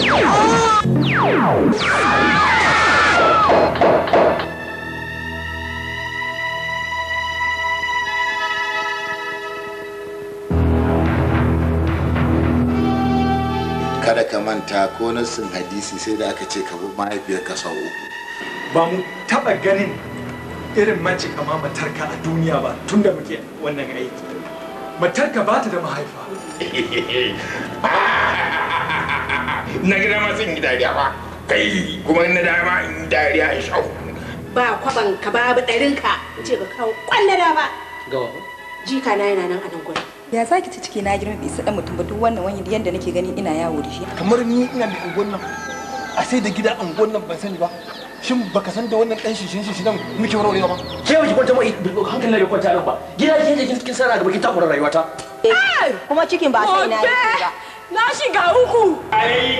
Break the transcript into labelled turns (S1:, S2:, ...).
S1: kada ka manta ko nassin hadisi sai da aka ce ka bi mahaifiyar ka sau uku ba mu taɓa ganin irin mace kama matarka a duniya ba tun da muke wannan aiki matarka ba ta da mahaifa na gida ma zan yi dariya ba kai kuma na dama in dariya in shau ba kwaban ka babu ɗarin ka ce ka kawo kwan da ba ga jika na yana nan a nan gudu ya za ki ci ciki na girma bisa ɗan mutum ba duk wannan wani yadda nake gani ina yawo da shi kamar ni ina da unguwan nan a sai da gida unguwan nan ban sani ba shin baka san da wannan ɗan shishin shishin nan muke warware ba ke ba ki kwanta mai eh, hankali da kwanta nan ba gida ke da kin sana gaba kin takura rayuwata eh, kuma cikin ba sai ina yi ba na shiga uku ai